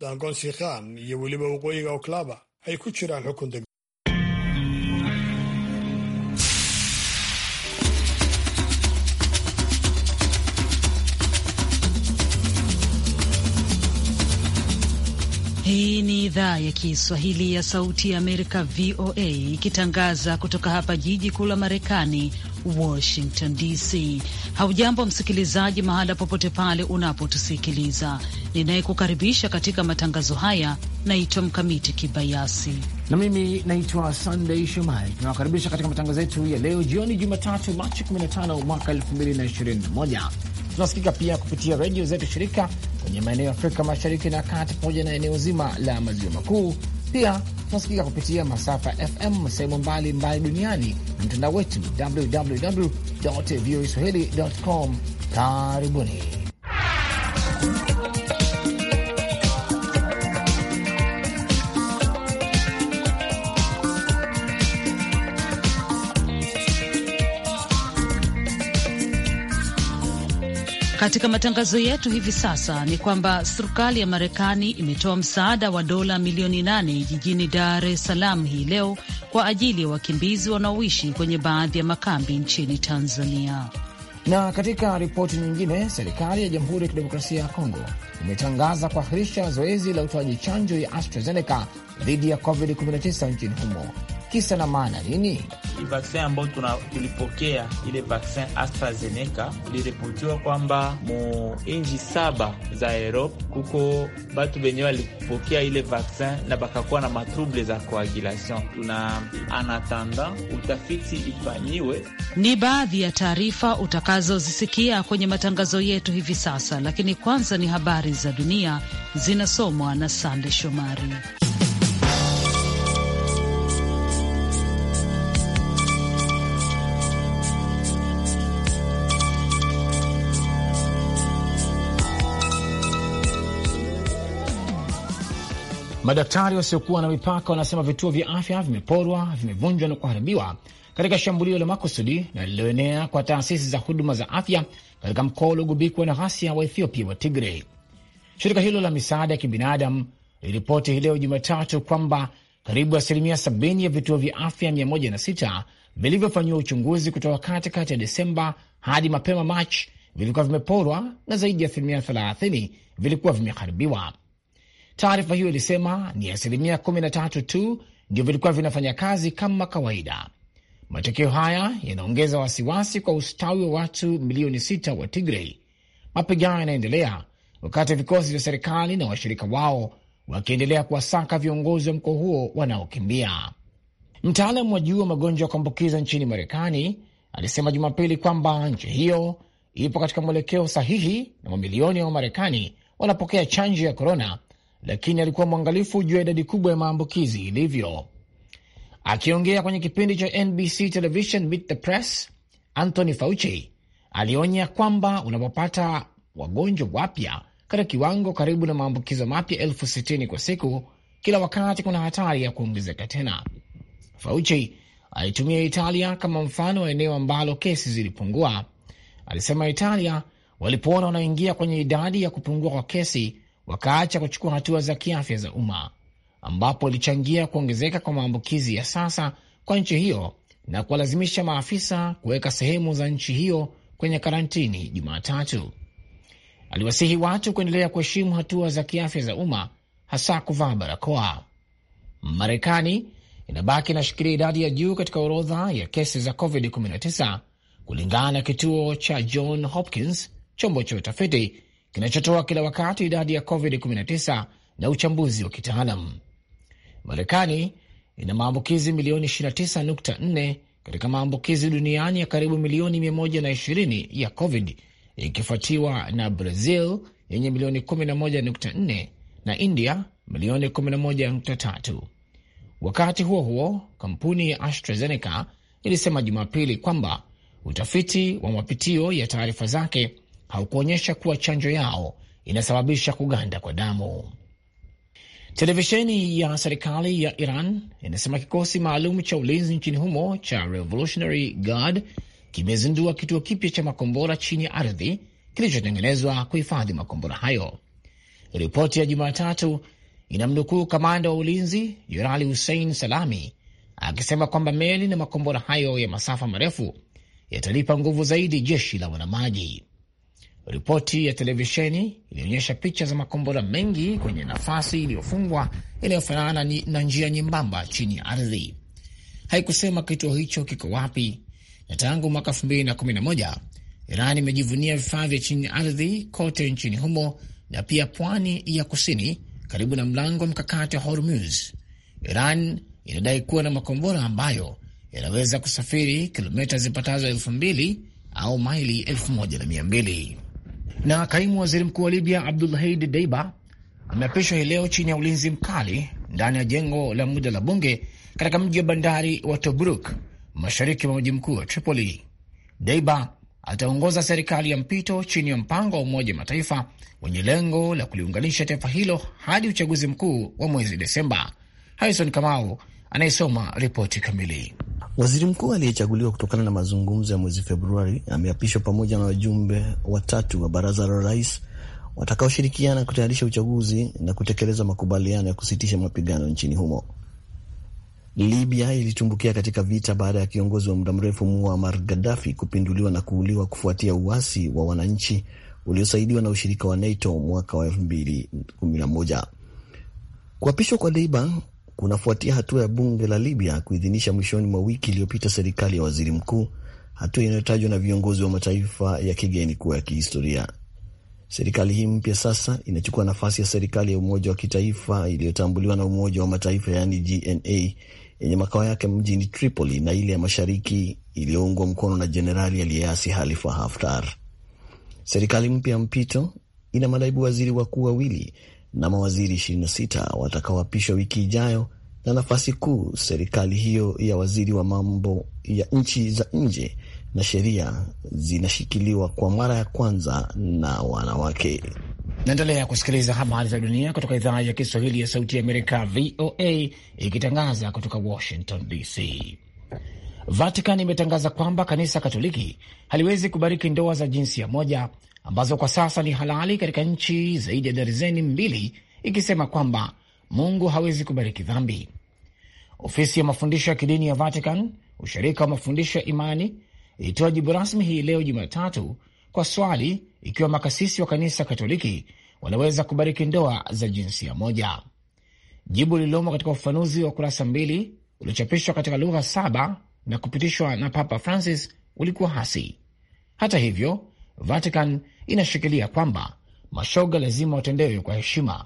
daangoonsi khan iyo weliba waqooyiga oklaba ay ku jiraan xukun deg Hii ni idhaa ya Kiswahili ya Sauti ya Amerika, VOA, ikitangaza kutoka hapa jiji kuu la Marekani Washington DC. Haujambo msikilizaji, mahala popote pale unapotusikiliza. Ninayekukaribisha katika matangazo haya naitwa Mkamiti Kibayasi na mimi naitwa sandey Shomari. Tunawakaribisha katika matangazo yetu ya leo jioni, Jumatatu Machi 15 mwaka 2021. Tunasikika pia kupitia redio zetu shirika kwenye maeneo ya Afrika Mashariki na Kati pamoja na eneo zima la Maziwa Makuu pia tunasikika kupitia masafa FM sehemu mbalimbali duniani na mtandao wetu www voa swahili com. Karibuni. Katika matangazo yetu hivi sasa ni kwamba serikali ya Marekani imetoa msaada wa dola milioni nane jijini Dar es Salaam hii leo kwa ajili ya wakimbizi wanaoishi kwenye baadhi ya makambi nchini Tanzania. Na katika ripoti nyingine, serikali ya Jamhuri ya Kidemokrasia ya Kongo imetangaza kuahirisha zoezi la utoaji chanjo ya AstraZeneca dhidi ya COVID-19 nchini humo Kisa na maana nini? Vaksin ambayo tulipokea ile vaksin AstraZeneca iliripotiwa kwamba mu nji saba za Europe kuko batu venye walipokea ile vaksin na bakakuwa na matrouble za coagulation. Tuna anatanda utafiti ifanyiwe. Ni baadhi ya taarifa utakazozisikia kwenye matangazo yetu hivi sasa, lakini kwanza ni habari za dunia zinasomwa na Sande Shomari. Madaktari wasiokuwa na mipaka wanasema vituo vya afya vimeporwa, vimevunjwa na kuharibiwa katika shambulio la makusudi na lililoenea kwa taasisi za huduma za afya katika mkoa uliogubikwa na ghasia wa Ethiopia wa Tigray. Shirika hilo la misaada ya kibinadamu liliripoti hii leo Jumatatu kwamba karibu asilimia 70 ya vituo vya afya 106 vilivyofanyiwa uchunguzi kutoka katikati ya Desemba hadi mapema Machi vilikuwa vimeporwa na zaidi ya asilimia 30 vilikuwa vimeharibiwa. Taarifa hiyo ilisema ni asilimia 1 tatu tu ndio vilikuwa vinafanya kazi kama kawaida. Matokeo haya yanaongeza wasiwasi kwa ustawi wa watu milioni sita wa Tigrei. Mapigano yanaendelea wakati vikosi vya serikali na washirika wao wakiendelea kuwasaka viongozi wa mkoa huo wanaokimbia. Mtaalamu wa juu wa magonjwa ya kuambukiza nchini Marekani alisema Jumapili kwamba nchi hiyo ipo katika mwelekeo sahihi na mamilioni ya Wamarekani wanapokea chanjo ya korona lakini alikuwa mwangalifu juu ya idadi kubwa ya maambukizi ilivyo. Akiongea kwenye kipindi cha NBC Television Meet the Press, Anthony Fauci alionya kwamba unapopata wagonjwa wapya katika kiwango karibu na maambukizo mapya elfu sitini kwa siku kila wakati, kuna hatari ya kuongezeka tena. Fauci alitumia Italia kama mfano wa eneo ambalo kesi zilipungua. Alisema Italia walipoona wanaingia kwenye idadi ya kupungua kwa kesi wakaacha kuchukua hatua za kiafya za umma, ambapo ilichangia kuongezeka kwa maambukizi ya sasa kwa nchi hiyo na kuwalazimisha maafisa kuweka sehemu za nchi hiyo kwenye karantini Jumatatu. Aliwasihi watu kuendelea kuheshimu hatua za kiafya za umma, hasa kuvaa barakoa. Marekani inabaki inashikilia idadi ya juu katika orodha ya kesi za COVID-19 kulingana na kituo cha John Hopkins, chombo cha utafiti kinachotoa kila wakati idadi ya COVID-19 na uchambuzi wa kitaalam. Marekani ina maambukizi milioni 29.4 katika maambukizi duniani ya karibu milioni 120 ya COVID, ikifuatiwa na Brazil yenye milioni 11.4 na India milioni 11.3. Wakati huo huo, kampuni ya AstraZeneca ilisema Jumapili kwamba utafiti wa mapitio ya taarifa zake haukuonyesha kuwa chanjo yao inasababisha kuganda kwa damu. Televisheni ya serikali ya Iran inasema kikosi maalum cha ulinzi nchini humo cha Revolutionary Guard kimezindua kituo kipya cha makombora chini ya ardhi kilichotengenezwa kuhifadhi makombora hayo. Ripoti ya Jumatatu inamnukuu kamanda wa ulinzi Jenerali Hussein Salami akisema kwamba meli na makombora hayo ya masafa marefu yatalipa nguvu zaidi jeshi la wanamaji. Ripoti ya televisheni ilionyesha picha za makombora mengi kwenye nafasi iliyofungwa inayofanana na njia nyembamba chini ya ardhi. Haikusema kituo hicho kiko wapi, na tangu mwaka 2011 Iran imejivunia vifaa vya chini ya ardhi kote nchini humo na pia pwani ya kusini karibu na mlango wa mkakati wa Hormuz. Iran inadai kuwa na makombora ambayo yanaweza kusafiri kilomita zipatazo elfu mbili au maili elfu moja na mia mbili. Na kaimu waziri mkuu wa Libya Abdulhadi Deiba ameapishwa hii leo chini ya ulinzi mkali ndani ya jengo la muda la bunge katika mji wa bandari wa Tobruk mashariki mwa mji mkuu wa Tripoli. Deiba ataongoza serikali ya mpito chini ya mpango wa Umoja Mataifa wenye lengo la kuliunganisha taifa hilo hadi uchaguzi mkuu wa mwezi Desemba. Harison Kamau anayesoma ripoti kamili. Waziri mkuu aliyechaguliwa kutokana na mazungumzo ya mwezi Februari ameapishwa pamoja na wajumbe watatu wa baraza la rais watakaoshirikiana kutayarisha uchaguzi na kutekeleza makubaliano ya kusitisha mapigano nchini humo. Libya ilitumbukia katika vita baada ya kiongozi wa muda mrefu Muammar Gaddafi kupinduliwa na kuuliwa kufuatia uasi wa wananchi uliosaidiwa na ushirika wa NATO mwaka wa 2011. Kuapishwa kwa Deiba kunafuatia hatua ya bunge la Libya kuidhinisha mwishoni mwa wiki iliyopita serikali ya waziri mkuu, hatua inayotajwa na viongozi wa mataifa ya kigeni kuwa ya kihistoria. Serikali hii mpya sasa inachukua nafasi ya serikali ya umoja wa kitaifa iliyotambuliwa na Umoja wa Mataifa yaani GNA yenye makao yake mjini Tripoli na ile ya mashariki iliyoungwa mkono na jenerali aliyeasi Halifa Haftar. Serikali mpya ya mpito ina manaibu waziri wakuu wawili na mawaziri 26 watakaoapishwa wiki ijayo na nafasi kuu serikali hiyo ya waziri wa mambo ya nchi za nje na sheria zinashikiliwa kwa mara ya kwanza na wanawake. Naendelea kusikiliza habari za dunia kutoka idhaa ya Kiswahili ya Sauti ya Amerika, VOA, ikitangaza kutoka Washington DC. Vatican imetangaza kwamba kanisa Katoliki haliwezi kubariki ndoa za jinsia moja ambazo kwa sasa ni halali katika nchi zaidi ya darizeni mbili, ikisema kwamba Mungu hawezi kubariki dhambi. Ofisi ya mafundisho ya kidini ya Vatican, ushirika wa mafundisho ya imani, ilitoa jibu rasmi hii leo Jumatatu kwa swali ikiwa makasisi wa kanisa Katoliki wanaweza kubariki ndoa za jinsia moja. Jibu lililomo katika ufafanuzi wa kurasa mbili uliochapishwa katika lugha saba na kupitishwa na Papa Francis ulikuwa hasi. Hata hivyo, Vatican inashikilia kwamba mashoga lazima watendewe kwa heshima,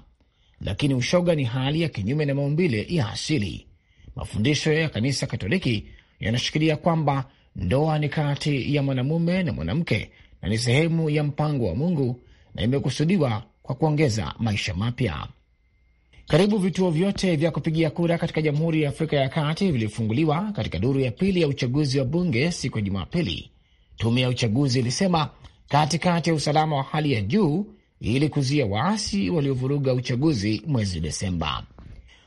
lakini ushoga ni hali ya kinyume na maumbile ya asili. Mafundisho ya kanisa Katoliki yanashikilia kwamba ndoa ni kati ya mwanamume na mwanamke na ni sehemu ya mpango wa Mungu na imekusudiwa kwa kuongeza maisha mapya. Karibu vituo vyote vya kupigia kura katika Jamhuri ya Afrika ya Kati vilifunguliwa katika duru ya pili ya uchaguzi wa bunge siku ya Jumapili. Tume ya uchaguzi ilisema katikati ya usalama wa hali ya juu ili kuzuia waasi waliovuruga uchaguzi mwezi Desemba.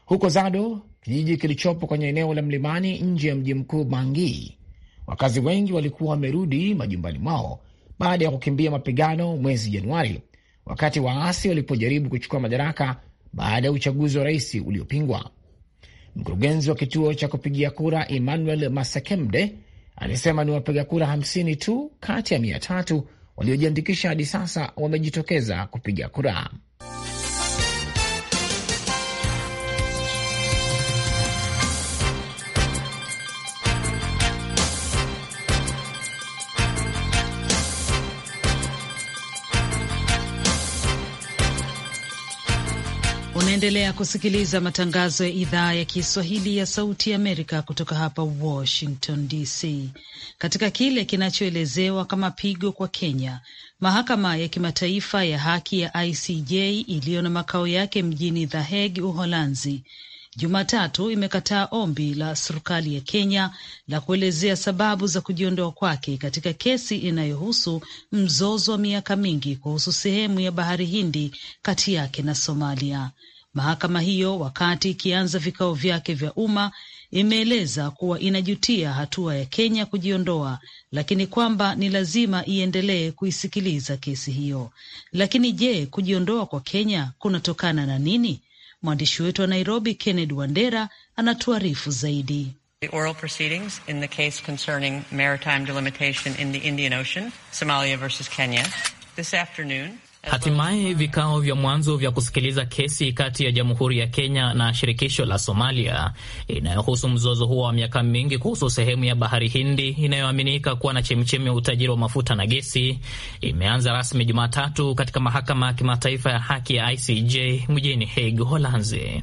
Huko Zado, kijiji kilichopo kwenye eneo la mlimani nje ya mji mkuu bangi wakazi wengi walikuwa wamerudi majumbani mwao baada ya kukimbia mapigano mwezi Januari, wakati waasi walipojaribu kuchukua madaraka baada ya uchaguzi wa rais uliopingwa. Mkurugenzi wa kituo cha kupigia kura Emmanuel masekemde alisema ni wapiga kura 50 tu kati ya mia tatu waliojiandikisha hadi sasa wamejitokeza kupiga kura. Unaendelea kusikiliza matangazo ya idhaa ya Kiswahili ya Sauti Amerika kutoka hapa Washington DC. Katika kile kinachoelezewa kama pigo kwa Kenya, mahakama ya kimataifa ya haki ya ICJ iliyo na makao yake mjini The Hague, Uholanzi, Jumatatu imekataa ombi la serikali ya Kenya la kuelezea sababu za kujiondoa kwake katika kesi inayohusu mzozo wa miaka mingi kuhusu sehemu ya bahari Hindi kati yake na Somalia. Mahakama hiyo wakati ikianza vikao vyake vya umma imeeleza kuwa inajutia hatua ya Kenya kujiondoa, lakini kwamba ni lazima iendelee kuisikiliza kesi hiyo. Lakini je, kujiondoa kwa Kenya kunatokana na nini? Mwandishi wetu wa Nairobi, Kennedy Wandera, anatuarifu zaidi. The oral proceedings in the case concerning maritime delimitation in the Indian Ocean, Somalia versus Kenya, this afternoon Hatimaye vikao vya mwanzo vya kusikiliza kesi kati ya Jamhuri ya Kenya na shirikisho la Somalia inayohusu mzozo huo wa miaka mingi kuhusu sehemu ya bahari Hindi inayoaminika kuwa na chemchemi ya utajiri wa mafuta na gesi imeanza rasmi Jumatatu katika mahakama ya kimataifa ya haki ya ICJ mjini Hague, Holanzi.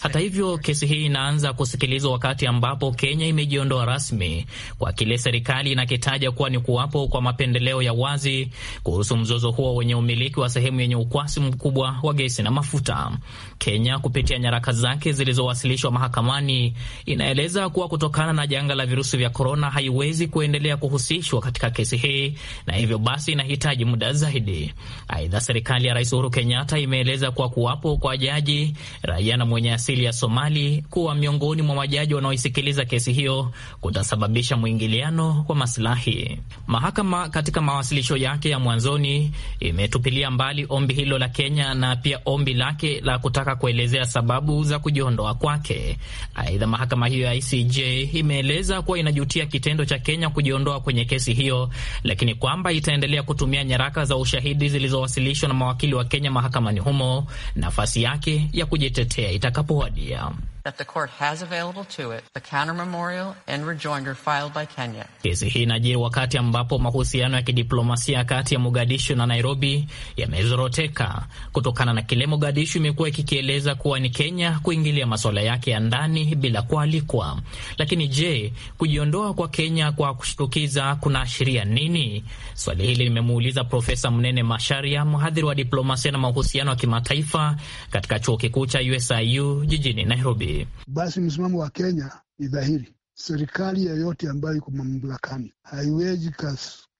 Hata hivyo, kesi hii inaanza kusikilizwa wakati ambapo Kenya imejiondoa rasmi kwa kile serikali inakitaja kuwa ni kuwapo kwa mapendeleo ya wazi kuhusu mzozo huo wenye umiliki wa sehemu yenye ukwasi mkubwa wa gesi na mafuta. Kenya kupitia nyaraka zake zilizowasilishwa mahakamani inaeleza kuwa kutokana na janga la virusi vya korona haiwezi kuendelea kuhusishwa katika kesi hii na hivyo basi inahitaji muda zaidi. Aidha, serikali ya Rais Uhuru Kenyatta imeeleza kuwa kuwapo kwa jaji raia na mwenye asili ya Somali kuwa miongoni mwa majaji wanaoisikiliza kesi hiyo kutasababisha mwingiliano wa masilahi. Mahakama katika mawasilisho yake ya mwanzo mwanzoni imetupilia mbali ombi hilo la Kenya na pia ombi lake la kutaka kuelezea sababu za kujiondoa kwake. Aidha, mahakama hiyo ya ICJ imeeleza kuwa inajutia kitendo cha Kenya kujiondoa kwenye kesi hiyo, lakini kwamba itaendelea kutumia nyaraka za ushahidi zilizowasilishwa na mawakili wa Kenya mahakamani humo, nafasi yake ya kujitetea itakapowadia that the court has available to it the counter memorial and rejoinder filed by Kenya. Kesi hii inajiri wakati ambapo mahusiano ya kidiplomasia kati ya Mogadishu na Nairobi yamezoroteka kutokana na kile Mogadishu imekuwa ikikieleza kuwa ni Kenya kuingilia masuala yake ya ndani bila kualikwa. Lakini je, kujiondoa kwa Kenya kwa kushtukiza kunaashiria nini? Swali hili limemuuliza Profesa Mnene Masharia, mhadhiri wa diplomasia na mahusiano ya kimataifa katika chuo kikuu cha USIU jijini Nairobi. Basi msimamo wa Kenya ni dhahiri, serikali yoyote ambayo iko mamlakani haiwezi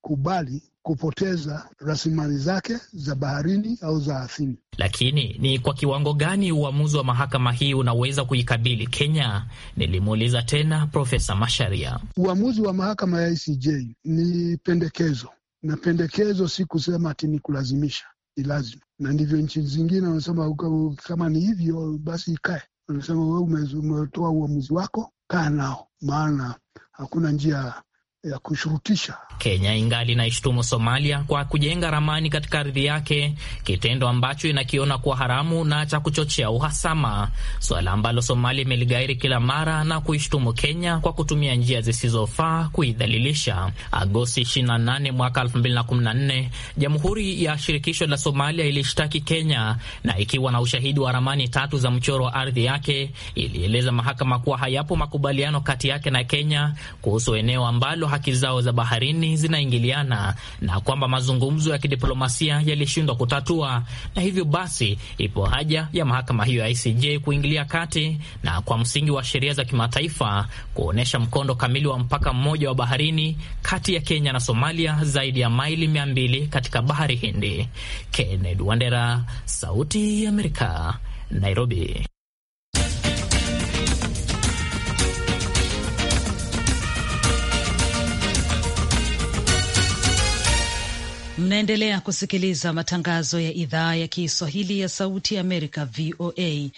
kubali kupoteza rasilimali zake za baharini au za asili. Lakini ni kwa kiwango gani uamuzi wa mahakama hii unaweza kuikabili Kenya? Nilimuuliza tena Profesa Masharia. Uamuzi wa mahakama ya ICJ ni pendekezo, na pendekezo si kusema ati ni kulazimisha, ni lazima, na ndivyo nchi zingine wanasema, kama ni hivyo basi ikae anasema wewe umetoa uamuzi wako, kaa nao, maana hakuna njia ya kushurutisha. Kenya ingali inaishutumu Somalia kwa kujenga ramani katika ardhi yake, kitendo ambacho inakiona kuwa haramu na cha kuchochea uhasama, suala ambalo Somalia imeligairi kila mara na kuishtumu Kenya kwa kutumia njia zisizofaa kuidhalilisha. Agosti 28 mwaka 2014, Jamhuri ya Shirikisho la Somalia ilishtaki Kenya na ikiwa na ushahidi wa ramani tatu za mchoro wa ardhi yake, ilieleza mahakama kuwa hayapo makubaliano kati yake na Kenya kuhusu eneo ambalo haki zao za baharini zinaingiliana na kwamba mazungumzo ya kidiplomasia yalishindwa kutatua, na hivyo basi ipo haja ya mahakama hiyo ya ICJ kuingilia kati na kwa msingi wa sheria za kimataifa kuonyesha mkondo kamili wa mpaka mmoja wa baharini kati ya Kenya na Somalia, zaidi ya maili mia mbili katika bahari Hindi. Kennedy Wandera, Sauti ya Amerika, Nairobi. Mnaendelea kusikiliza matangazo ya idhaa ya Kiswahili ya Sauti ya Amerika, VOA.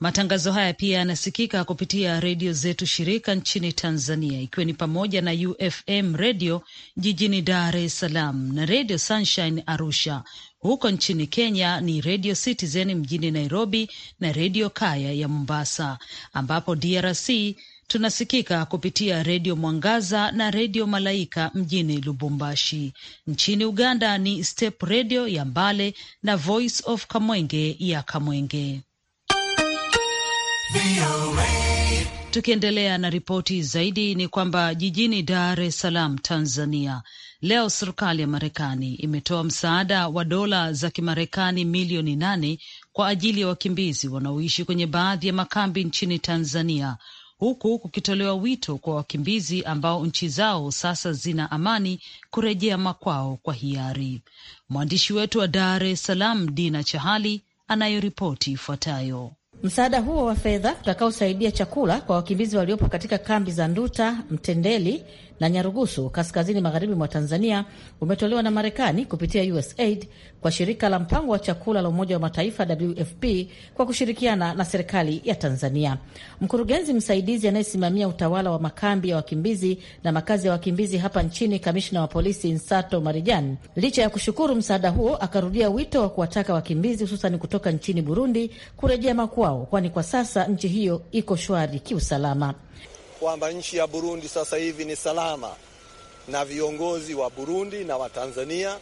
Matangazo haya pia yanasikika kupitia redio zetu shirika nchini Tanzania, ikiwa ni pamoja na UFM redio jijini Dar es Salaam na redio Sunshine Arusha. Huko nchini Kenya ni redio Citizen mjini Nairobi na redio Kaya ya Mombasa, ambapo DRC Tunasikika kupitia Redio Mwangaza na Redio Malaika mjini Lubumbashi. Nchini Uganda ni Step Redio ya Mbale na Voice of Kamwenge ya Kamwenge. Tukiendelea na ripoti zaidi ni kwamba jijini Dar es Salaam, Tanzania, leo serikali ya Marekani imetoa msaada wa dola za Kimarekani milioni nane kwa ajili ya wakimbizi wanaoishi kwenye baadhi ya makambi nchini Tanzania huku kukitolewa wito kwa wakimbizi ambao nchi zao sasa zina amani kurejea makwao kwa hiari. Mwandishi wetu wa Dar es Salaam Dina Chahali anayoripoti ifuatayo. Msaada huo wa fedha utakaosaidia chakula kwa wakimbizi waliopo katika kambi za Nduta, Mtendeli, na Nyarugusu kaskazini magharibi mwa Tanzania umetolewa na Marekani kupitia USAID kwa shirika la mpango wa chakula la Umoja wa Mataifa WFP kwa kushirikiana na serikali ya Tanzania. Mkurugenzi msaidizi anayesimamia utawala wa makambi ya wakimbizi na makazi ya wakimbizi hapa nchini, kamishna wa polisi Nsato marijan licha ya kushukuru msaada huo, akarudia wito wa kuwataka wakimbizi hususani kutoka nchini Burundi kurejea makwao, kwani kwa sasa nchi hiyo iko shwari kiusalama kwamba nchi ya Burundi sasa hivi ni salama, na viongozi wa Burundi na wa Tanzania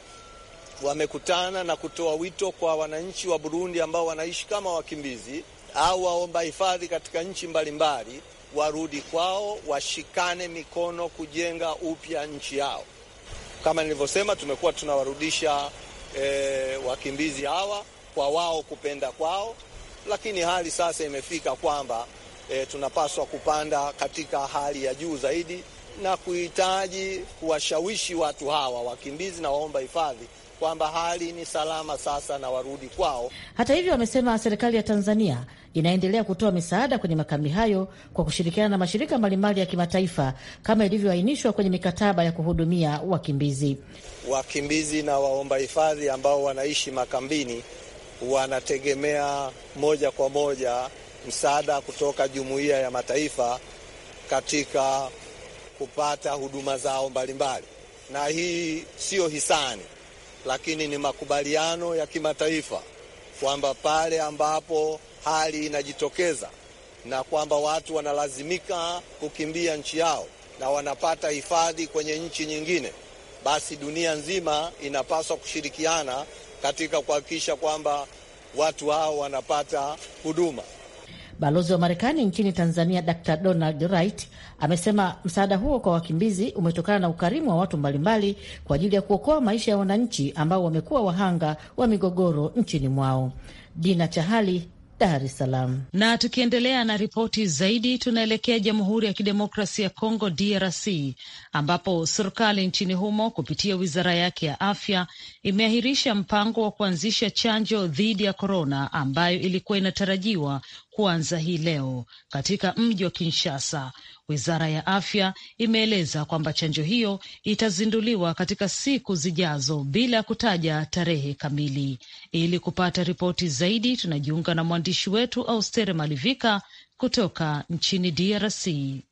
wamekutana na kutoa wito kwa wananchi wa Burundi ambao wanaishi kama wakimbizi au waomba hifadhi katika nchi mbalimbali, warudi kwao, washikane mikono kujenga upya nchi yao. Kama nilivyosema, tumekuwa tunawarudisha e, wakimbizi hawa kwa wao kupenda kwao, lakini hali sasa imefika kwamba e, tunapaswa kupanda katika hali ya juu zaidi na kuhitaji kuwashawishi watu hawa wakimbizi na waomba hifadhi kwamba hali ni salama sasa na warudi kwao. Hata hivyo, wamesema serikali ya Tanzania inaendelea kutoa misaada kwenye makambi hayo kwa kushirikiana na mashirika mbalimbali ya kimataifa kama ilivyoainishwa kwenye mikataba ya kuhudumia wakimbizi. Wakimbizi na waomba hifadhi ambao wanaishi makambini wanategemea moja kwa moja msaada kutoka jumuiya ya mataifa katika kupata huduma zao mbalimbali, na hii siyo hisani, lakini ni makubaliano ya kimataifa kwamba pale ambapo hali inajitokeza na kwamba watu wanalazimika kukimbia nchi yao na wanapata hifadhi kwenye nchi nyingine, basi dunia nzima inapaswa kushirikiana katika kuhakikisha kwamba watu hao wanapata huduma. Balozi wa Marekani nchini Tanzania Dr Donald Wright amesema msaada huo kwa wakimbizi umetokana na ukarimu wa watu mbalimbali kwa ajili ya kuokoa maisha ya wananchi ambao wamekuwa wahanga wa migogoro nchini mwao. Dina Chahali Dar es Salaam. Na tukiendelea na ripoti zaidi, tunaelekea Jamhuri ya Kidemokrasia ya Kongo, DRC, ambapo serikali nchini humo kupitia wizara yake ya afya imeahirisha mpango wa kuanzisha chanjo dhidi ya korona ambayo ilikuwa inatarajiwa kuanza hii leo katika mji wa Kinshasa, Wizara ya afya imeeleza kwamba chanjo hiyo itazinduliwa katika siku zijazo bila kutaja tarehe kamili. Ili kupata ripoti zaidi, tunajiunga na mwandishi wetu Austere Malivika kutoka nchini DRC.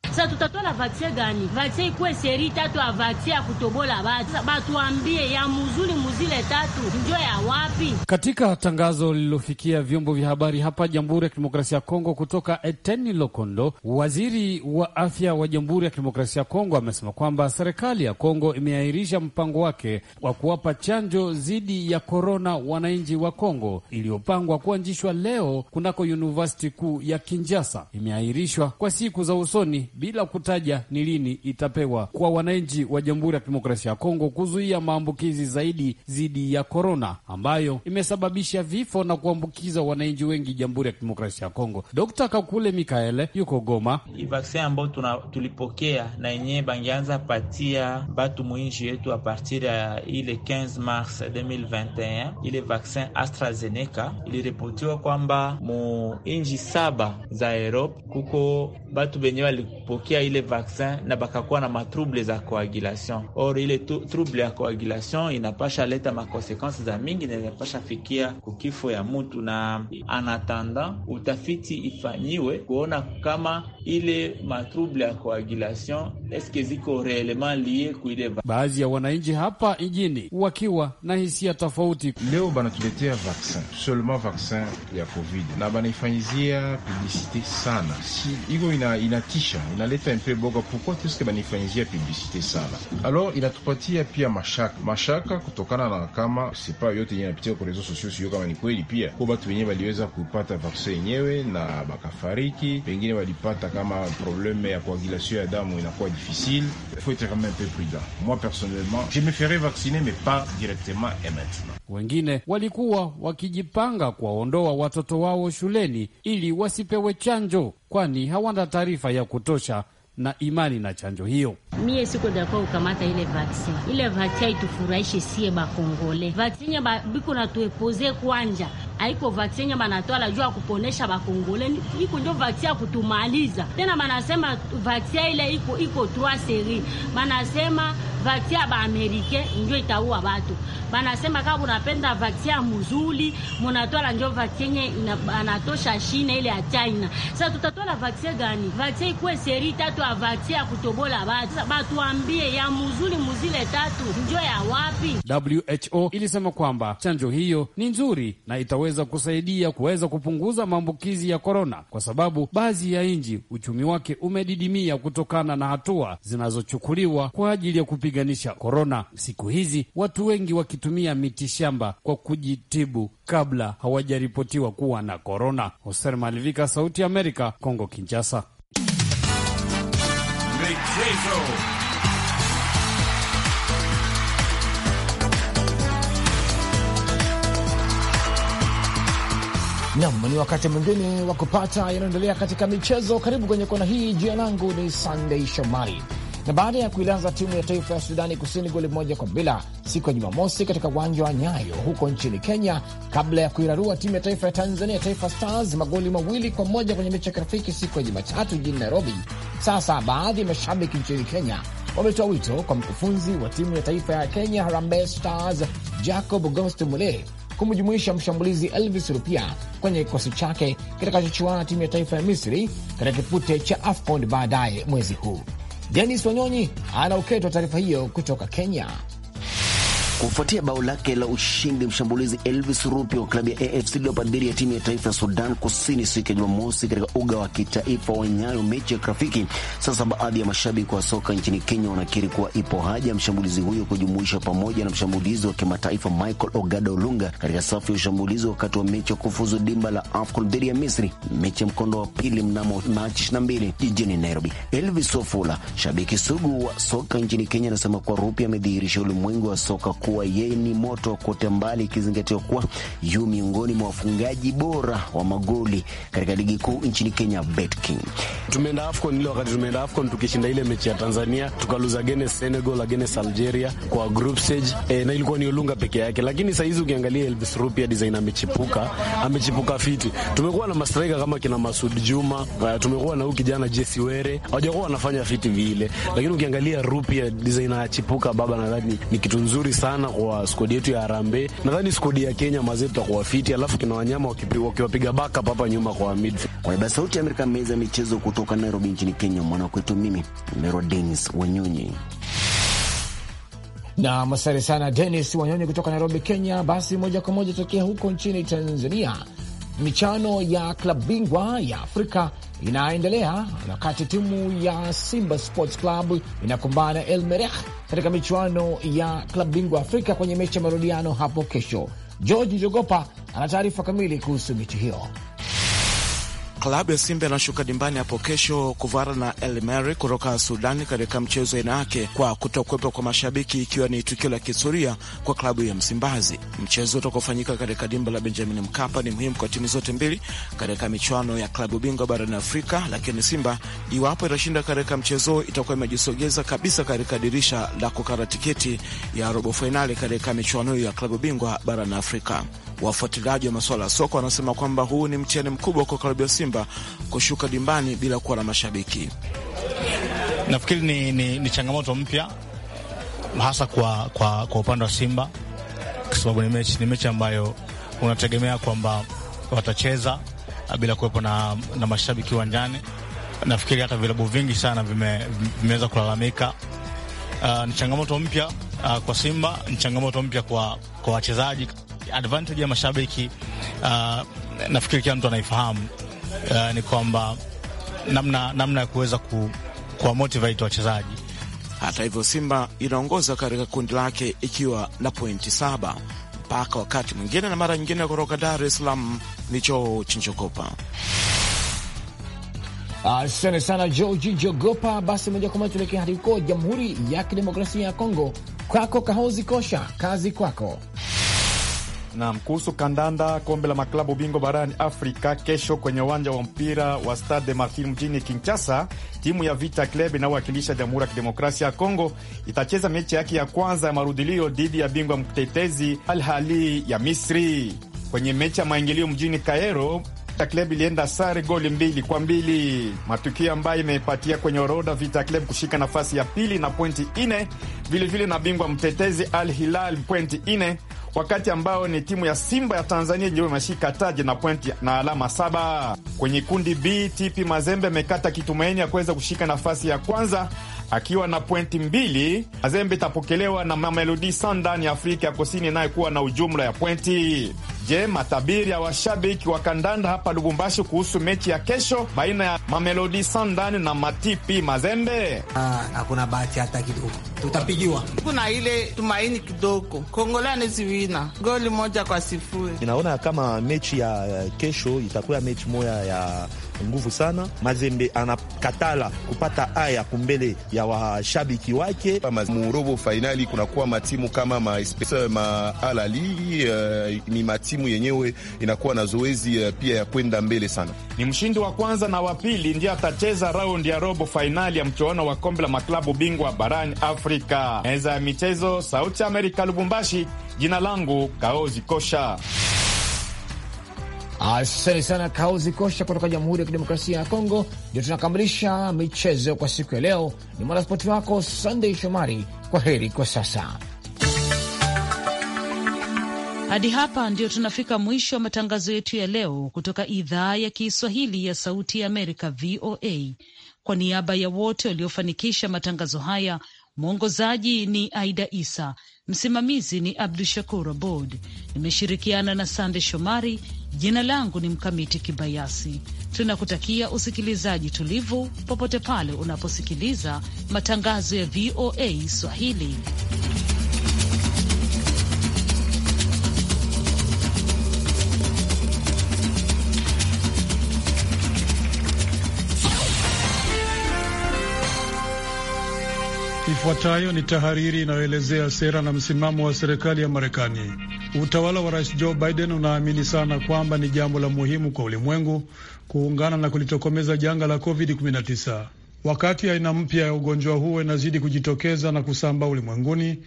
Sasa tutatola vaksie gani? Vaksie ikuwe seri tatu ya vaksie ya kutobola batu, batuambie ya muzuli muzile tatu njo ya wapi? Katika tangazo lililofikia vyombo vya habari hapa Jamhuri ya Kidemokrasia ya Kongo kutoka Eteni Lokondo, waziri wa afya wa Jamhuri ya Kidemokrasia ya Kongo amesema kwamba serikali ya Kongo imeahirisha mpango wake wa kuwapa chanjo dhidi ya korona wananchi wa Kongo iliyopangwa kuanzishwa leo kunako Yunivasiti Kuu ya Kinshasa sasa imeahirishwa kwa siku za usoni bila kutaja ni lini itapewa kwa wananchi wa Jamhuri ya Kidemokrasia ya Kongo kuzuia maambukizi zaidi dhidi ya korona ambayo imesababisha vifo na kuambukiza wananchi wengi Jamhuri ya Kidemokrasia ya Kongo. Dkt. Kakule Mikaele yuko Goma. Vaksin ambayo tulipokea na yenyewe bangeanza patia batu mwinji yetu a partir ya ile 15 mars 2021 ile vaksin AstraZeneca iliripotiwa kwamba mu inji saba za Europe kuko batu benye balipokea ile vaksin na bakakuwa na matrouble za coagulation. Or ile trouble ya coagulation inapasha leta makonsekansi za mingi na inapasha fikia kukifo ya mutu, na anatanda utafiti ifanyiwe kuona kama ile matrouble ya coagulation eske ziko reelema lie kuile. Baadhi ya wananchi hapa ijini wakiwa na hisia tofauti. Leo banatuletea vaccin seulement vaccin ya covid na banaifanyizia publicite sana si, iko ina, inatisha inaleta mpe boga pourquoi tu tuske banifanyizia publicité sana alors inatupatia pia mashaka mashaka kutokana na kama sipa yote yenye napitia kwa réseaux sociaux sio kama ni kweli pia kwa watu wenyewe waliweza kupata vaksin yenyewe na bakafariki, pengine walipata kama probleme ya coagulation ya damu inakuwa difficile. Faut être quand même un peu prudent. Moi personnellement je me ferai vacciner mais pas directement et maintenant. Wengine walikuwa wakijipanga kuwaondoa watoto wao shuleni ili wasipewe chanjo chanjo, kwani hawana taarifa ya kutosha na imani na chanjo hiyo. Mie siko dakwa ukamata ile vaksin, ile vaksin haitufurahishe sie Bakongole. Vaksin ba, biko natuepoze kwanja aiko vaksin yenye banatwala juu kuponesha Bakongole, iko ndio vaksin ya kutumaliza tena. Banasema vaksin ile iko iko trois serie, banasema vaksin ya baamerikain njo itaua watu. Banasema kama munapenda vaksin ya mzuri munatwala njo vaksin yenye anatosha shine ile ya China. Sasa tutatwala vaksin gani? Vaksin ikuwe seri tatu ya vaksin ya kutobola watu. Batuambie ya mzuri muzile tatu njo ya wapi? WHO ilisema kwamba chanjo hiyo ni nzuri na itaweza kusaidia kuweza kupunguza maambukizi ya korona, kwa sababu baadhi ya nchi uchumi wake umedidimia kutokana na hatua zinazochukuliwa kwa ajili ya kupiga kupiganisha korona. Siku hizi watu wengi wakitumia miti shamba kwa kujitibu kabla hawajaripotiwa kuwa na korona. Hoser Malivika, Sauti ya Amerika, Kongo Kinshasa. Michezo. Nam, ni wakati mwingine wa kupata yanayoendelea katika michezo. Karibu kwenye kona hii. Jina langu ni Sandei Shomari na baada ya kuilaza timu ya taifa ya Sudani Kusini goli moja kwa bila siku ya Jumamosi katika uwanja wa Nyayo huko nchini Kenya, kabla ya kuirarua timu ya taifa ya Tanzania Taifa Stars magoli mawili kwa moja kwenye mechi ya kirafiki siku ya Jumatatu jijini Nairobi. Sasa baadhi ya mashabiki nchini Kenya wametoa wito kwa mkufunzi wa timu ya taifa ya Kenya Harambee Stars Jacob Gost Mulee kumjumuisha mshambulizi Elvis Rupia kwenye kikosi chake kitakachochuana timu ya taifa ya Misri katika kipute cha AFCON baadaye mwezi huu. Denis Wanyonyi anauketwa taarifa hiyo kutoka Kenya kufuatia bao lake la ushindi. Mshambulizi Elvis Rupi wa klabu ya AFC Leopards dhidi ya timu ya taifa ya Sudan Kusini siku ya Jumamosi katika uga wa kitaifa wa Nyayo, mechi ya kirafiki. Sasa baadhi ya mashabiki wa soka nchini Kenya wanakiri kuwa ipo haja ya mshambulizi huyo kujumuisha pamoja na mshambulizi wa kimataifa Michael Ogada Olunga katika safu ya ushambulizi wakati wa mechi ya kufuzu dimba la AFCON dhidi ya Misri, mechi ya mkondo wa pili mnamo Machi 22 jijini Nairobi. Elvis Ofula, shabiki sugu wa soka nchini Kenya, anasema kuwa Rupi amedhihirisha ulimwengu wa soka ku kuwa yeye ni moto kote mbali, ikizingatiwa kuwa yu miongoni mwa wafungaji bora wa magoli katika ligi kuu nchini Kenya, BetKing. Tumeenda AFCON ile wakati tumeenda AFCON tukishinda ile mechi ya Tanzania, tukaluza against Senegal, against Algeria kwa group stage e, na ilikuwa ni Olunga peke yake, lakini sahizi ukiangalia Elvis Rupia design amechipuka, amechipuka fiti. Tumekuwa na mastraika kama kina Masud Juma, e, tumekuwa na huyu kijana Jesse Were, hawajakuwa wanafanya fiti vile, lakini ukiangalia Rupia design achipuka baba, nadhani ni kitu nzuri sana sana kwa skodi yetu ya Harambee. Nadhani skodi ya Kenya mazee tutakuwa fiti, alafu kina wanyama wakiwapiga backup hapa nyuma kwa midfield. Kwa niaba ya Sauti ya Amerika, meza michezo kutoka Nairobi nchini Kenya, mwanakwetu mimi Mero Denis Wanyonyi na masare sana Denis Wanyonyi kutoka Nairobi, Kenya. Basi moja kwa moja tokea huko nchini Tanzania michano ya klabu bingwa ya Afrika inaendelea wakati timu ya Simba Sports Club inakumbana El Merekh katika michuano ya klabu bingwa Afrika kwenye mechi ya marudiano hapo kesho. George Njogopa ana taarifa kamili kuhusu mechi hiyo. Klabu ya Simba inashuka dimbani hapo kesho kuvara na El Merri kutoka Sudani katika mchezo aina yake kwa kutokuwepo kwa mashabiki, ikiwa ni tukio la kihistoria kwa klabu ya Msimbazi. Mchezo utakaofanyika katika dimba la Benjamin Mkapa ni muhimu kwa timu zote mbili katika michuano ya klabu bingwa barani Afrika, lakini Simba iwapo itashinda katika mchezo itakuwa imejisogeza kabisa katika dirisha la kukara tiketi ya robo fainali katika michuano hiyo ya klabu bingwa barani Afrika. Wafuatiliaji wa masuala ya soka wanasema kwamba huu ni mtihani mkubwa kwa klabu ya Simba kushuka dimbani bila kuwa na mashabiki. Nafikiri ni, ni, ni changamoto mpya hasa kwa, kwa, kwa upande wa Simba kwa sababu ni mechi, ni mechi ambayo unategemea kwamba watacheza bila kuwepo na, na mashabiki uwanjani. Nafikiri hata vilabu vingi sana vime, vimeweza kulalamika. Uh, ni changamoto mpya uh, kwa Simba, ni changamoto mpya kwa, kwa wachezaji advantage ya mashabiki uh, nafikiri kila mtu anaifahamu uh, ni kwamba namna namna ya kuweza ku, motivate wachezaji. Hata hivyo, Simba inaongoza katika kundi lake ikiwa na pointi saba mpaka wakati mwingine na mara nyingine. Kutoka Dar es Salaam ni choo Chinchokopa. Asante sana Georgi Jogopa. Basi moja kwa moja tuelekee hadi huko Jamhuri ya Kidemokrasia ya Kongo. Kwako Kahozi Kosha, kazi kwako. Nam, kuhusu kandanda, kombe la maklabu bingwa barani Afrika kesho kwenye uwanja wa mpira wa Stade de Martyrs mjini Kinshasa, timu ya Vita Club inayowakilisha Jamhuri ya Kidemokrasia ya Kongo itacheza mechi yake ya kwanza ya marudilio dhidi ya bingwa mtetezi Al Ahly ya Misri. Kwenye mechi ya maingilio mjini Kairo, Vita Club ilienda sare goli mbili kwa mbili, matukio ambayo imeipatia kwenye orodha Vita Club kushika nafasi ya pili na pointi nne, vilevile na bingwa mtetezi Al Hilal pointi nne wakati ambao ni timu ya Simba ya Tanzania ndio imeshika taji na pointi na alama saba. Kwenye kundi B, TP Mazembe amekata kitumaini ya kuweza kushika nafasi ya kwanza akiwa na pointi mbili. Mazembe itapokelewa na Mamelodi Sundowns ya Afrika ya Kusini inayekuwa na ujumla ya pointi. Je, matabiri ya washabiki wa kandanda hapa Lubumbashi kuhusu mechi ya kesho baina ya Mamelodi Sundowns na Matipi Mazembe? Ah, hakuna bahati hata kidogo, tutapigiwa. Kuna ile tumaini kidogo, Kongolani ziwina goli moja kwa sifuri. Inaona kama mechi ya kesho itakuwa mechi moya ya nguvu sana. Mazembe anakatala kupata aya kumbele ya washabiki wake. Murobo fainali kunakuwa matimu kama ma maalali uh, eh, ni matimu yenyewe inakuwa na zoezi uh, pia ya kwenda mbele sana. Ni mshindi wa kwanza na wa pili ndiye atacheza raundi ya robo fainali ya mchuano wa kombe la maklabu bingwa barani Afrika. Meza ya michezo, Sauti Amerika, Lubumbashi. Jina langu Kaozi Kosha. Asante sana Kauzi Kosha kutoka Jamhuri ya Kidemokrasia ya Kongo. Ndio tunakamilisha michezo kwa siku ya leo. Ni mwanaspoti wako Sandey Shomari. Kwa heri kwa sasa. Hadi hapa ndio tunafika mwisho wa matangazo yetu ya leo kutoka idhaa ya Kiswahili ya Sauti ya Amerika, VOA. Kwa niaba ya wote waliofanikisha matangazo haya, mwongozaji ni Aida Isa, msimamizi ni Abdu Shakur Abod, nimeshirikiana na Sande Shomari. Jina langu ni Mkamiti Kibayasi. Tunakutakia usikilizaji tulivu popote pale unaposikiliza matangazo ya VOA Swahili. Ifuatayo ni tahariri inayoelezea sera na msimamo wa serikali ya Marekani. Utawala wa Rais Joe Biden unaamini sana kwamba ni jambo la muhimu kwa ulimwengu kuungana na kulitokomeza janga la COVID-19. Wakati aina mpya ya ugonjwa huo inazidi kujitokeza na kusambaa ulimwenguni,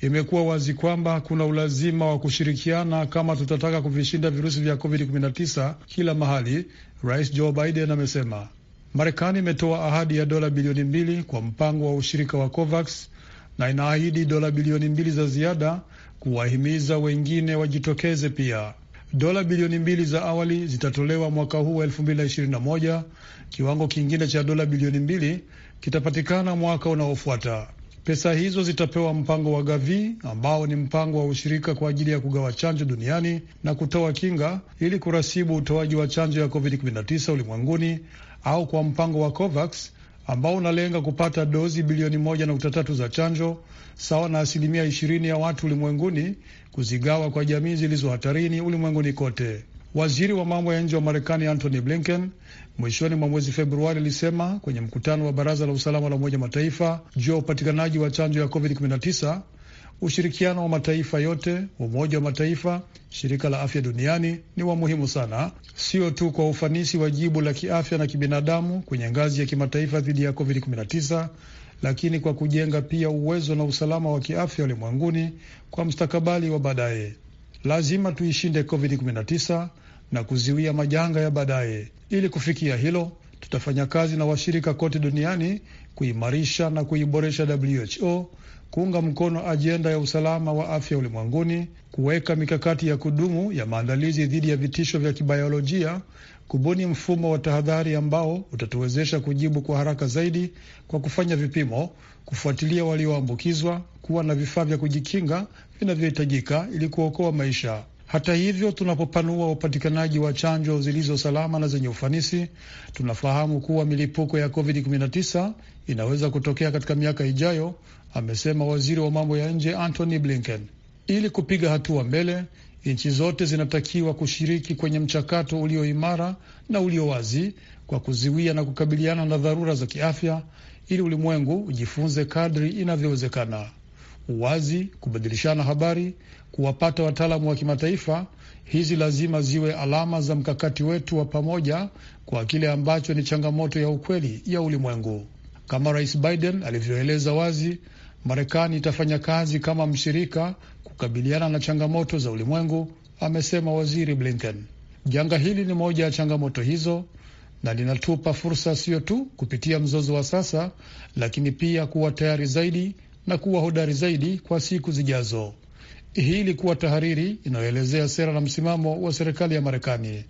imekuwa wazi kwamba kuna ulazima wa kushirikiana kama tutataka kuvishinda virusi vya COVID-19 kila mahali, Rais Joe Biden amesema. Marekani imetoa ahadi ya dola bilioni mbili kwa mpango wa ushirika wa COVAX na inaahidi dola bilioni mbili za ziada kuwahimiza wengine wajitokeze pia. Dola bilioni mbili za awali zitatolewa mwaka huu wa 2021. Kiwango kingine cha dola bilioni mbili kitapatikana mwaka unaofuata. Pesa hizo zitapewa mpango wa Gavi ambao ni mpango wa ushirika kwa ajili ya kugawa chanjo duniani na kutoa kinga ili kurasibu utoaji wa chanjo ya COVID-19 ulimwenguni au kwa mpango wa COVAX ambao unalenga kupata dozi bilioni moja nukta tatu za chanjo sawa na asilimia ishirini ya watu ulimwenguni kuzigawa kwa jamii zilizo hatarini ulimwenguni kote. Waziri wa mambo ya nje wa Marekani Antony Blinken mwishoni mwa mwezi Februari alisema kwenye mkutano wa Baraza la Usalama la Umoja Mataifa juu ya upatikanaji wa chanjo ya COVID-19 Ushirikiano wa mataifa yote, Umoja wa Mataifa, Shirika la Afya Duniani ni wa muhimu sana, sio tu kwa ufanisi wa jibu la kiafya na kibinadamu kwenye ngazi ya kimataifa dhidi ya COVID-19, lakini kwa kujenga pia uwezo na usalama wa kiafya ulimwenguni kwa mstakabali wa baadaye. Lazima tuishinde COVID-19 na kuziwia majanga ya baadaye. Ili kufikia hilo, tutafanya kazi na washirika kote duniani kuimarisha na kuiboresha WHO kuunga mkono ajenda ya usalama wa afya ulimwenguni, kuweka mikakati ya kudumu ya maandalizi dhidi ya vitisho vya kibayolojia, kubuni mfumo wa tahadhari ambao utatuwezesha kujibu kwa haraka zaidi kwa kufanya vipimo, kufuatilia walioambukizwa, kuwa na vifaa vya kujikinga vinavyohitajika ili kuokoa maisha. Hata hivyo, tunapopanua upatikanaji wa chanjo zilizo salama na zenye ufanisi, tunafahamu kuwa milipuko ya COVID-19 inaweza kutokea katika miaka ijayo, amesema waziri wa mambo ya nje Antony Blinken. Ili kupiga hatua mbele, nchi zote zinatakiwa kushiriki kwenye mchakato ulio imara na ulio wazi kwa kuziwia na kukabiliana na dharura za kiafya, ili ulimwengu ujifunze kadri inavyowezekana. Uwazi, kubadilishana habari, kuwapata wataalamu wa kimataifa. Hizi lazima ziwe alama za mkakati wetu wa pamoja kwa kile ambacho ni changamoto ya ukweli ya ulimwengu. Kama Rais Biden alivyoeleza wazi, Marekani itafanya kazi kama mshirika kukabiliana na changamoto za ulimwengu, amesema Waziri Blinken. Janga hili ni moja ya changamoto hizo na linatupa fursa sio tu kupitia mzozo wa sasa, lakini pia kuwa tayari zaidi na kuwa hodari zaidi kwa siku zijazo. Hii ilikuwa tahariri inayoelezea sera na msimamo wa serikali ya Marekani.